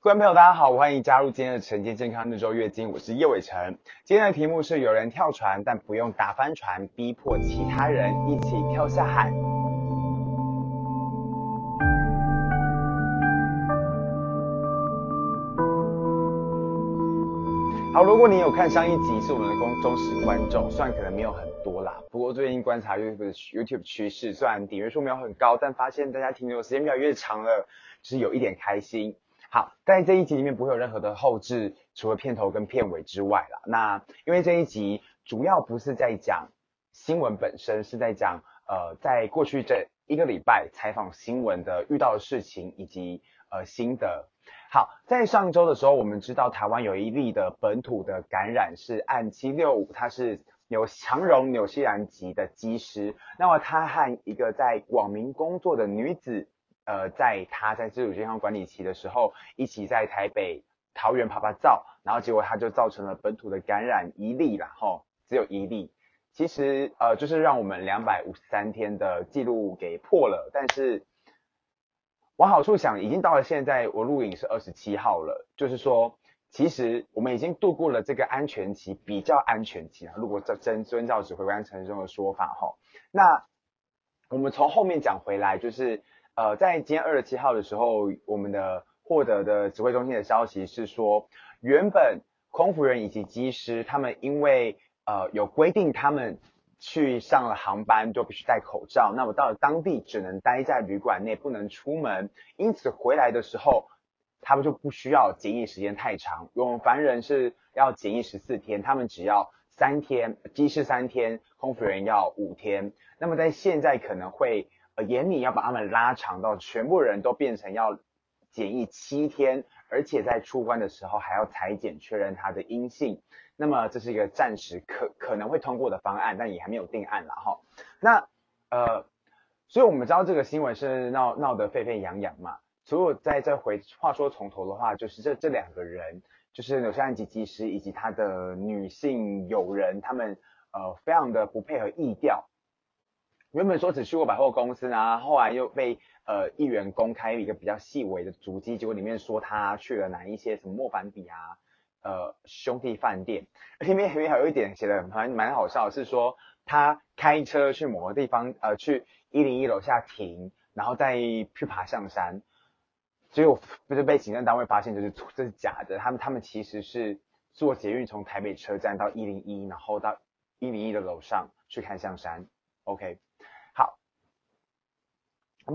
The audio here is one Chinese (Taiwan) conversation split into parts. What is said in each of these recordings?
各位朋友，大家好，歡迎加入今天的晨間健康日周月經。我是葉偉辰，今天的題目是有人跳船，但不用打翻船，逼迫其他人一起跳下海。好，如果你有看上一集，是我們的公忠實觀眾，雖然可能沒有很多啦，不過最近觀察 YouTube 的 YouTube 趨勢，雖然點閱數沒有很高，但發現大家停留時間比較越長了，是有一點開心。好，在這一集裡面不會有任何的後製，除了片頭跟片尾之外啦。那因為這一集主要不是在講新聞本身，是在講呃，在過去這一個禮拜採訪新聞的遇到的事情以及呃心得。好，在上周的時候，我們知道台灣有一例的本土的感染是案七六五，他是長榮紐西蘭籍的機師，那麼他和一個在網民工作的女子。呃，在他在自主健康管理期的時候，一起在台北、桃園趴趴走，然後結果他就造成了本土的感染一例然後只有一例。其實呃，就是讓我們兩百五十三天的記錄給破了，但是往好處想，已經到了現在，我錄影是二十七號了，就是說，其實我們已經度過了這個安全期，比較安全期啊。如果真真遵照指揮官陳生的說法，吼、哦，那我們從後面講回來就是。呃，在今天二十七號的時候，我們的獲得的指揮中心的消息是說，原本空服員以及機師他們因為呃有規定，他們去上了航班就必須戴口罩，那麼到了當地只能待在旅館內不能出門，因此回來的時候他們就不需要檢疫時間太長。我們凡人是要檢疫十四天，他們只要三天，機師三天，空服員要五天。那麼在現在可能會。呃，嚴密要把他們拉長到全部人都變成要檢疫七天，而且在出關的時候還要採檢確認他的陰性。那麼這是一個暫時可可能會通過的方案，但也還沒有定案了哈。那呃，所以我們知道這個新聞是鬧鬧得沸沸揚揚嘛。所以我在這回話說從頭的話，就是這這兩個人，就是紐西蘭籍機師以及他的女性友人，他們呃非常的不配合疫調。原本說只去過百貨公司啊，後來又被呃議員公開一個比較細微的足跡，結果裡面說他去了哪一些什麼莫凡比啊，呃兄弟飯店。裡面裡面還有一點寫的蠻蠻好笑，是說他開車去某個地方，呃去一零一樓下停，然後再去爬象山，結果不是被行政單位發現，就是這是假的。他們他們其實是坐捷運從台北車站到一零一，然後到一零一的樓上去看象山。OK。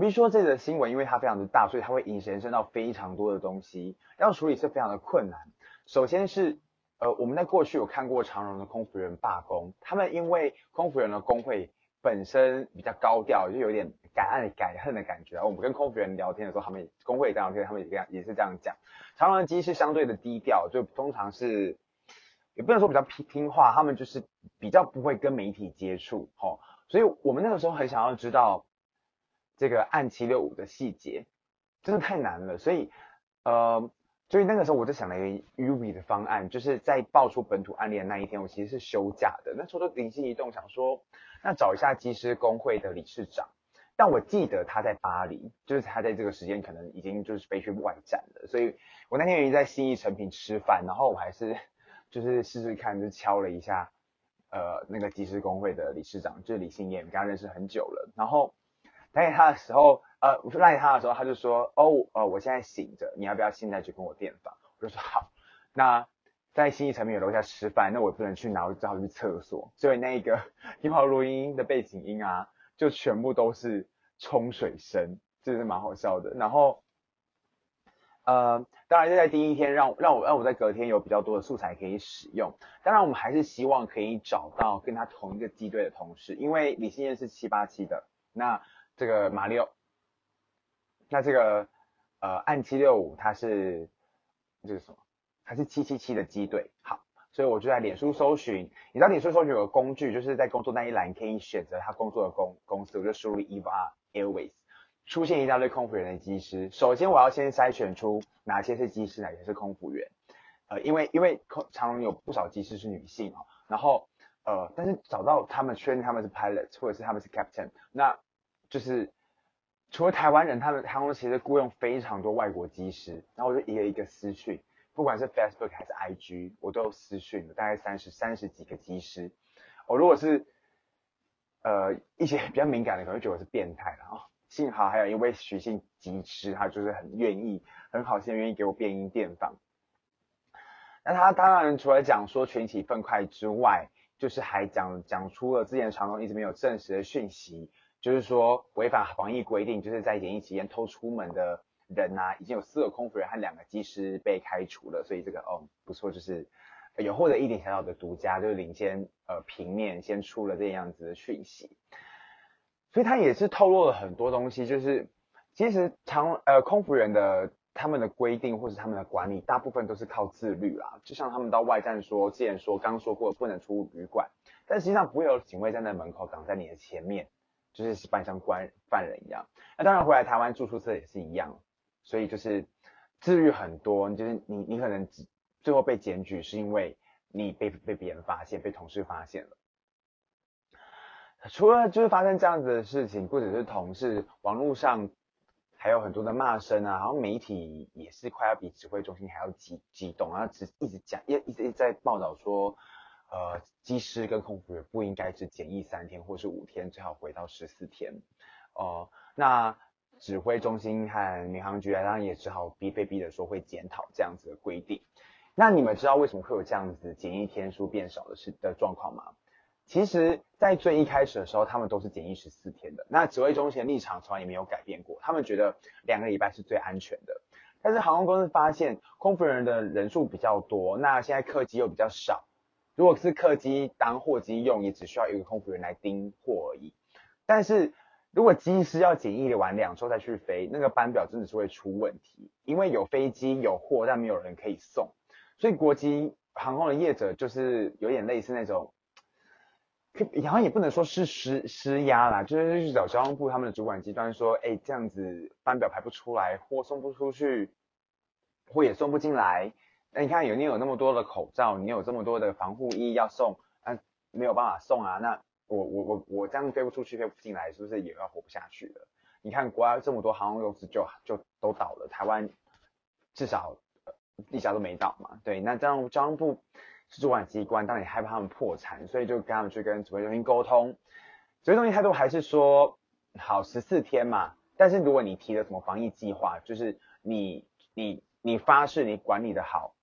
比如說這個新聞，因為它非常的大，所以它會引申到非常多的東西，要處理是非常的困難。首先是，呃，我們在過去有看過長榮的空服員罷工，他們因為空服員的工會本身比較高調，就有點敢愛敢恨的感覺啊。我們跟空服員聊天的時候，他們也工會也這樣，跟他們也這樣，也是這樣講。長榮的機師相對的低調，就通常是也不能說比較聽聽話，他們就是比較不會跟媒體接觸，吼、哦。所以我們那個時候很想要知道。這個案765的細節，真的太難了，所以，呃，所以那個時候我就想了一個迂迴的方案，就是在爆出本土案例的那一天，我其實是休假的。那時候就靈機一動，想說，那找一下機師工會的理事長。但我記得他在巴黎，就是他在這個時間可能已經就是飛去外站了。所以我那天已經在信義誠品吃飯，然後我還是就是試試看，就敲了一下，呃，那個機師工會的理事長，就是李信燕，我們剛認識很久了，然後。賴他的時候，呃，我給他的時候，他就說：“哦，呃，我現在醒着，你要不要現在去跟我電訪？”我就說：“好。”那在信義誠品有樓下吃飯，那我也不能去拿，然我只好去廁所，所以那個電話錄音，音的背景音啊，就全部都是沖水聲，就是蠻好笑的。然後，呃，當然就在第一天讓，讓讓我讓我在隔天有比較多的素材可以使用。當然，我們還是希望可以找到跟他同一個機隊的同事，因為李心燕是七八七的，那。這個馬里奧，那這個呃，案七六五，它是這個什麼？它是七七七的機隊。好，所以我就在臉書搜尋，你知道臉書搜尋有個工具，就是在工作那一欄，你可以選擇他工作的公公司。我就輸入 EVA Airways，出現一大堆空服員的機師。首先我要先篩選出哪些是機師，哪些是空服員。呃，因為因為長榮有不少機師是女性啊。然後呃，但是找到他們確認他們是 pilot 或者是他們是 captain，那。就是除了台灣人，他們航空其實雇用非常多外國機師。然後我就一個一個私訊，不管是 Facebook 還是 IG，我都有私訊了大概三十三十幾個機師。我、哦、如果是呃一些比較敏感的，可能會覺得我是變態了幸好還有一位許姓機師，他就是很願意、很好心願意給我變音電訪。那他當然除了講說群體分塊之外，就是還講講出了之前長榮一直沒有證實的訊息。就是說違反防疫規定，就是在檢疫期間偷出門的人吶、啊，已經有四個空服員和兩個機師被開除了，所以這個哦不錯，就是有獲得一點小小的獨家，就是領先呃平面先出了這樣子的訊息，所以他也是透露了很多東西，就是其實常呃空服員的他們的規定或是他們的管理，大部分都是靠自律啦、啊，就像他們到外站說，之前說剛說過不能出旅館，但實際上不會有警衛站在門口擋在你的前面。就是扮上關犯人一樣，那、啊、當然回來台灣住宿舍也是一樣，所以就是治癒很多。就是你你可能只最後被檢舉，是因為你被被別人發現，被同事發現了。除了就是發生這樣子的事情，不只是同事，網絡上還有很多的罵聲啊，然後媒體也是快要比指揮中心還要激激動啊，只一直講，也一,一，直一直在報道說。呃，機師跟空服員不應該只檢疫三天，或是五天，最好回到十四天。哦、呃，那指揮中心和民航局啊，當然也只好逼，被逼的說會檢討這樣子的規定。那你們知道為什麼會有這樣子檢疫天數變少的是的狀況嗎？其實，在最一開始的時候，他們都是檢疫十四天的。那指揮中心的立場從來也沒有改變過，他們覺得兩個禮拜是最安全的。但是航空公司發現空服人的人數比較多，那現在客機又比較少。如果是客機當貨機用，也只需要一個空服員來盯貨而已。但是如果機師要檢疫完兩周再去飛，那個班表真的是會出問題，因為有飛機有貨，但沒有人可以送。所以國際航空的業者就是有點類似那種，然後也不能說是施施壓啦，就是去找交通部他們的主管機關說，哎、欸，這樣子班表排不出來，貨送不出去，貨也送不進來。哎，你看，有你有那麼多的口罩，你有這麼多的防護衣要送，啊，沒有辦法送啊。那我我我我這樣飛不出去，飛不進來，是、就、不是也要活不下去了？你看國外這麼多航空公司就就都倒了，台灣至少、呃、地下都沒倒嘛。對，那這樣交通部是主管機關，當然也害怕他們破產，所以就他們去跟指揮中心溝通。指揮中心態度還是說好十四天嘛，但是如果你提了什麼防疫計劃，就是你你你發誓你管理的好。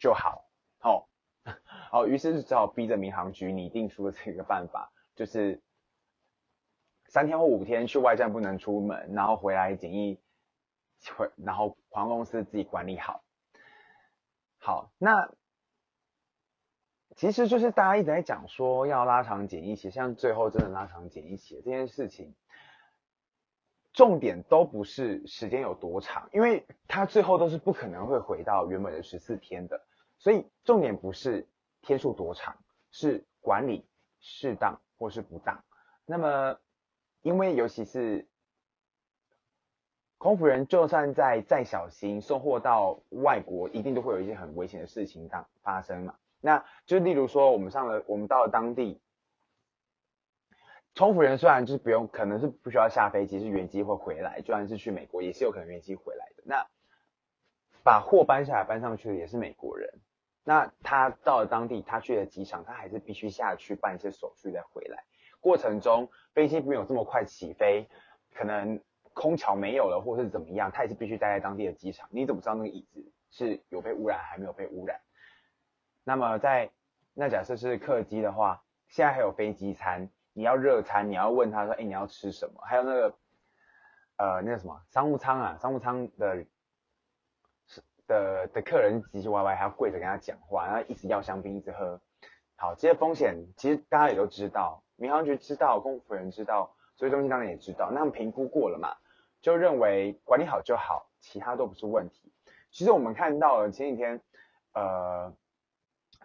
就好，好、哦，好、哦，於是只好逼着民航局擬定出了這個辦法，就是三天或五天去外站不能出門，然後回來檢疫，回然後航空公司自己管理好。好，那其實就是大家一直在講說要拉長檢疫期，像最後真的拉長檢疫期這件事情，重點都不是時間有多長，因為他最後都是不可能會回到原本的十四天的。所以重點不是天數多長，是管理適當或是不當。那麼，因為尤其是空服人，就算在再小心，送貨到外國一定都會有一些很危險的事情當發生嘛。那就例如說，我們上了，我們到了當地，空服人雖然就是不用，可能是不需要下飛機，是原機會回來，就算是去美國也是有可能原機回來的。那把貨搬下來、搬上去的也是美國人。那他到了當地，他去了機場，他還是必須下去辦一些手續再回來。過程中飛機沒有這麼快起飛，可能空橋沒有了，或是怎麼樣，他也是必須待在當地的機場。你怎麼知道那個椅子是有被污染還沒有被污染？那麼在那假設是客機的話，現在還有飛機餐，你要熱餐，你要問他說，哎、欸，你要吃什麼？還有那個呃，那個、個、什麼商務艙啊？商務艙的。的的客人唧唧歪歪，還要跪着跟他講話，然後一直要香檳，一直喝。好，這些風險其實大家也都知道，民航局知道，空服人知道，所以中心當然也知道。那評估過了嘛，就認為管理好就好，其他都不是問題。其實我們看到了前幾天，呃，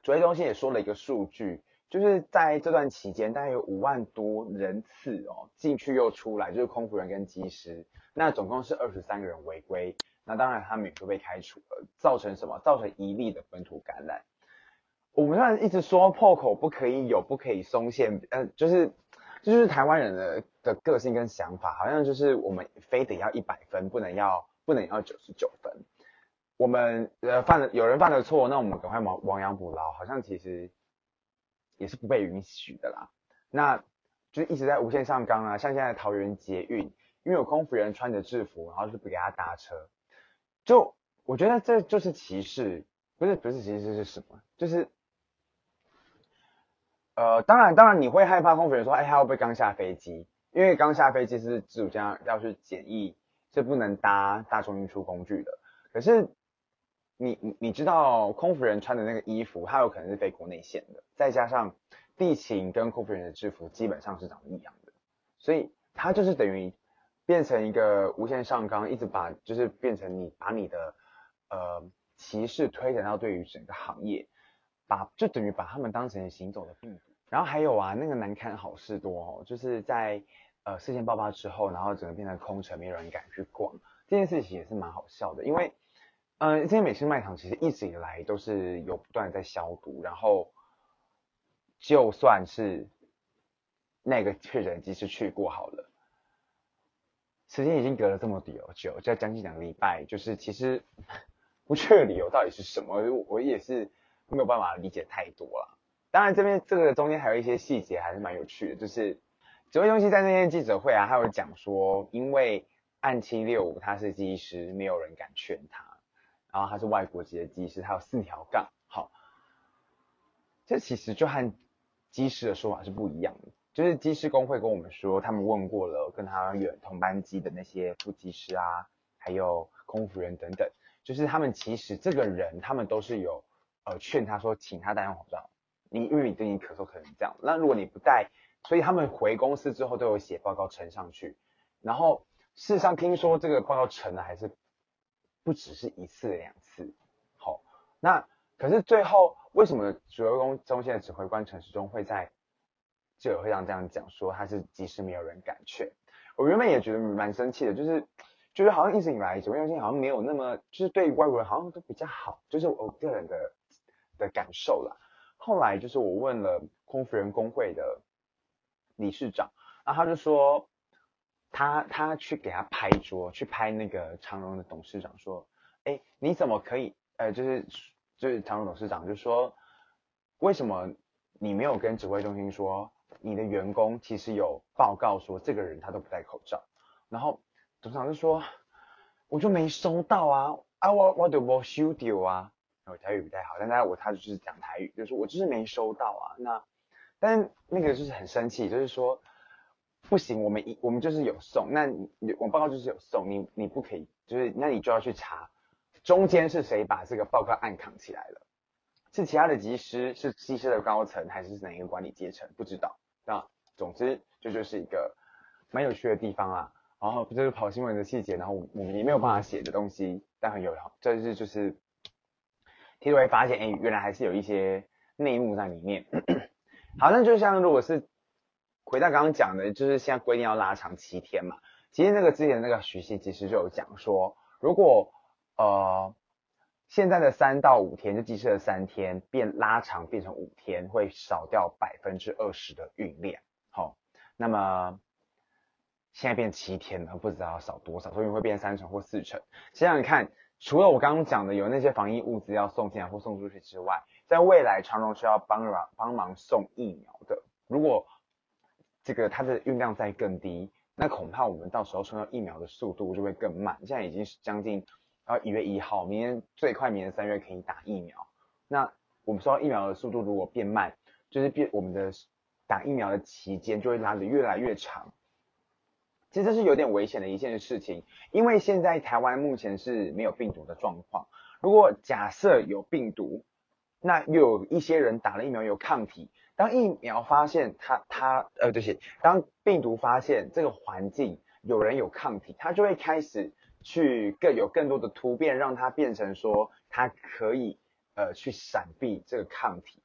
指揮中心也說了一個數據，就是在這段期間，大概有五萬多人次哦進去又出來，就是空服人跟機師，那總共是二十三個人違規。那當然，他們也會被開除了，造成什麼？造成一例的本土感染。我們然一直說破口不可以有，不可以鬆懈，呃，就是，就是台灣人的的個性跟想法，好像就是我們非得要一百分，不能要，不能要九十九分。我們呃犯了有人犯了錯，那我們趕快亡亡羊補牢，好像其實也是不被允許的啦。那就是一直在無限上綱啊，像現在桃園捷運，因為有空服員穿着制服，然後就不給他搭車。就我覺得這就是歧視，不是不是歧視，是什麼？就是，呃，當然當然你會害怕空服員說，哎，她有會不會？剛下飛機，因為剛下飛機是機組員要去檢疫，是不能搭大眾運輸工具的。可是你你你知道空服員穿的那個衣服，他有可能是飛國內線的，再加上地勤跟空服員的制服基本上是長一樣的，所以他就是等於。變成一個無限上綱，一直把就是變成你把你的呃歧視推展到對於整個行業，把就等於把他們當成行走的病毒。然後還有啊，那個難堪好事多，就是在呃事件爆發之後，然後整個變成空城，沒有人敢去逛，這件事情也是蠻好笑的。因為嗯、呃，這些美式賣場其實一直以來都是有不斷在消毒，然後就算是那個確診機師去過好了。時間已經隔了這麼多久，就將近兩個禮拜，就是其實不確定理由到底是什麼，我也是沒有辦法理解太多了。當然這邊這個中間還有一些細節還是蠻有趣的，就是指揮中心在那天記者會啊，他有講說因為案765他是機師，沒有人敢勸他，然後他是外國籍的機師，他有四條槓，好，這其實就和機師的說法是不一樣的。就是機師工會跟我們說，他們問過了，跟他遠同班機的那些副機師啊，還有空服員等等，就是他們其實這個人，他們都是有呃勸他說，請他戴上口罩，你因為你，對，你可能咳嗽可能這樣，那如果你不戴，所以他們回公司之後都有寫報告呈上去，然後事實上聽說這個報告呈了還是不只是一次兩次，好，那可是最後為什麼指揮中心的指揮官陳時中會在？就有會長這樣講說，他是即使沒有人敢去。我原本也覺得蠻生氣的，就是就是好像一直以來指揮中心好像沒有那麼，就是對於外國人好像都比較好，就是我個人的的感受啦。後來就是我問了空服員工會的理事長，然後他就說，他他去給他拍桌，去拍那個長榮的董事長說，哎，你怎麼可以？呃，就是就是長榮董事長就說，為什麼你沒有跟指揮中心說？你的員工其實有報告說，這個人他都不戴口罩。然後董事長就說：“我就沒收到啊，啊我我得報 studio 啊。哦”然後台語不太好，但他我他就是講台語，就是我就是沒收到啊。那，但那個就是很生氣，就是說不行，我們一我們就是有送，那你我們報告就是有送，你你不可以，就是那你就要去查，中間是誰把這個報告按扛起來了？是其他的機師，是機師的高層，還是，是哪一個管理階層？不知道。那總之，這就，就是一個蠻有趣的地方啦。然後就是跑新聞的細節，然後我們也沒有辦法寫的東西，但很有用。這、就是就是，聽眾會發現，誒、欸、原來還是有一些內幕在裡面。 好，那就像如果是回到剛剛講的，就是現在規定要拉長七天嘛。其實那個之前的那個徐信其實就有講說，如果呃。現在的三到五天就機測了三天，變拉長變成五天，會少掉百分之二十的運量。好，那麼現在變七天了，不知道要少多少，所以會變三成或四成。想想看，除了我剛剛講的有那些防疫物資要送進來或送出去之外，在未來長榮需要幫忙幫忙送疫苗的，如果這個它的運量再更低，那恐怕我們到時候送到疫苗的速度就會更慢。現在已經是將近。然後一月一號，明天最快明年三月可以打疫苗。那我們說到疫苗的速度如果變慢，就是變我們的打疫苗的期間就會拉得越來越長。其實這是有點危險的一件事情，因為現在台灣目前是沒有病毒的狀況。如果假設有病毒，那又有一些人打了疫苗有抗體，當疫苗發現它它呃，就是當病毒發現這個環境有人有抗體，它就會開始。去更有更多的突變，讓它變成說它可以呃去閃避這個抗體，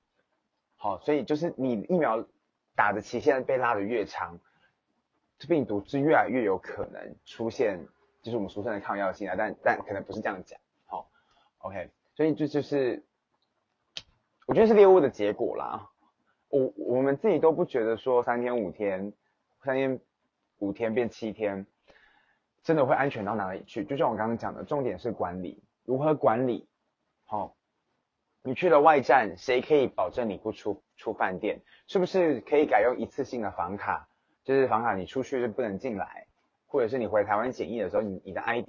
好，所以就是你疫苗打的期限被拉得越長，這病毒是越來越有可能出現，就是我們俗稱的抗藥性啊，但但可能不是這樣講，好，OK，所以這就，就是我覺得是獵物的結果啦，我我們自己都不覺得說三天五天，三天五天變七天。真的會安全到哪裡去？就像我剛剛講的，重點是管理，如何管理好？哦，你去了外站，誰可以保證你不出出飯店？是不是可以改用一次性的房卡？就是房卡你出去就不能進來，或者是你回台灣檢疫的時候，你你的 ID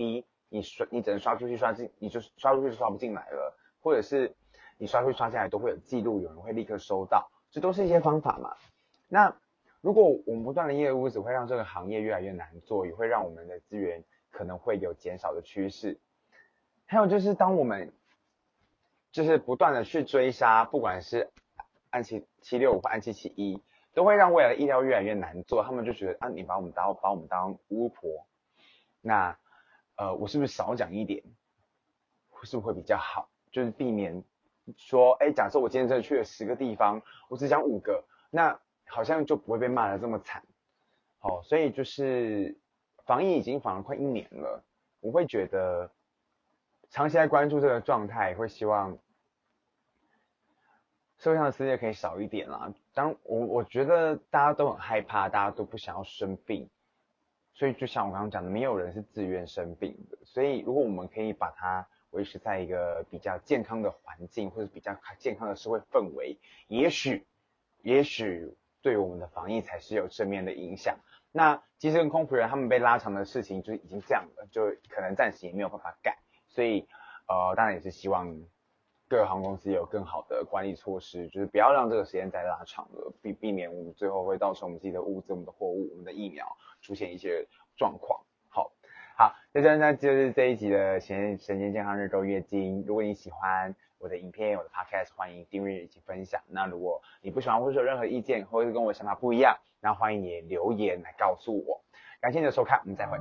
你刷你只能刷出去刷進，你就刷出去就刷不進來了，或者是你刷出去刷進來都會有記錄，有人會立刻收到，這都是一些方法嘛。那。如果我們不斷的業務，只會讓這個行業越來越難做，也會讓我們的資源可能會有減少的趨勢。還有就是，當我們就是不斷的去追殺，不管是案七六五或案七七一，都會讓未來的醫療越來越難做。他們就覺得啊，你把我們當把我們當巫婆，那呃，我是不是少講一點，是不是會比較好？就是避免說，誒，假設我今天真的去了十個地方，我只講五個，那。好像就不會被罵得這麼慘，哦，所以就是防疫已經防了快一年了，我會覺得長期在關注這個狀態，會希望社會上的世界可以少一點啦。當我我覺得大家都很害怕，大家都不想要生病，所以就像我剛剛講的，沒有人是自願生病的。所以如果我們可以把它維持在一個比較健康的環境，或者比較健康的社會氛圍，也許，也許。對我們的防疫才是有正面的影響。那其實跟空服員他們被拉長的事情就已經這樣了，就可能暫時也沒有辦法改。所以，呃，當然也是希望各個航空公司有更好的管理措施，就是不要讓這個時間再拉長了，避避免我們最後會造成我們自己的物資、我們的貨物、我們的疫苗出現一些狀況。好，現在，那就是這一集的辰辰的國際健康日週月經。如果你喜歡我的影片、我的 podcast，歡迎訂閱以及分享。那如果你不喜歡或者有任何意見，或者是跟我的想法不一樣，那歡迎你留言來告訴我。感謝你的收看，我們再會。